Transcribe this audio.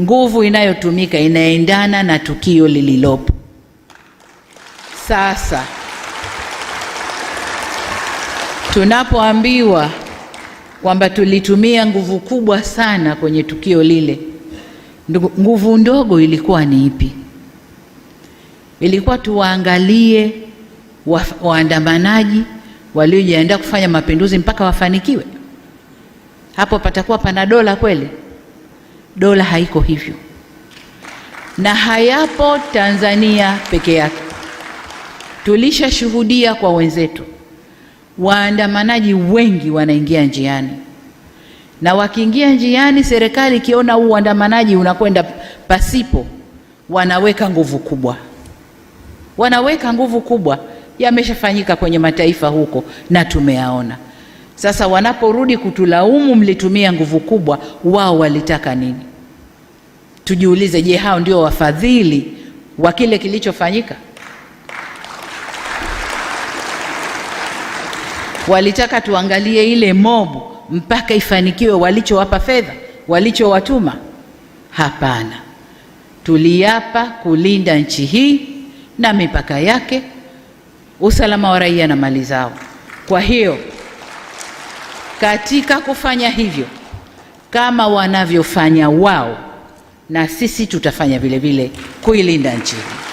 nguvu inayotumika inaendana na tukio lililopo sasa. Tunapoambiwa kwamba tulitumia nguvu kubwa sana kwenye tukio lile, nguvu ndogo ilikuwa ni ipi? Ilikuwa tuwaangalie wa, waandamanaji waliojiandaa kufanya mapinduzi mpaka wafanikiwe? Hapo patakuwa pana dola kweli? Dola haiko hivyo na hayapo Tanzania peke yake. Tulishashuhudia kwa wenzetu, waandamanaji wengi wanaingia njiani, na wakiingia njiani, serikali ikiona huu uandamanaji unakwenda pasipo, wanaweka nguvu kubwa, wanaweka nguvu kubwa. Yameshafanyika kwenye mataifa huko na tumeyaona. Sasa wanaporudi kutulaumu, mlitumia nguvu kubwa, wao walitaka nini? Tujiulize, je, hao ndio wafadhili wa kile kilichofanyika? Walitaka tuangalie ile mobu mpaka ifanikiwe walichowapa fedha, walichowatuma? Hapana, tuliapa kulinda nchi hii na mipaka yake, usalama wa raia na mali zao. Kwa hiyo katika kufanya hivyo, kama wanavyofanya wao, na sisi tutafanya vile vile kuilinda nchi.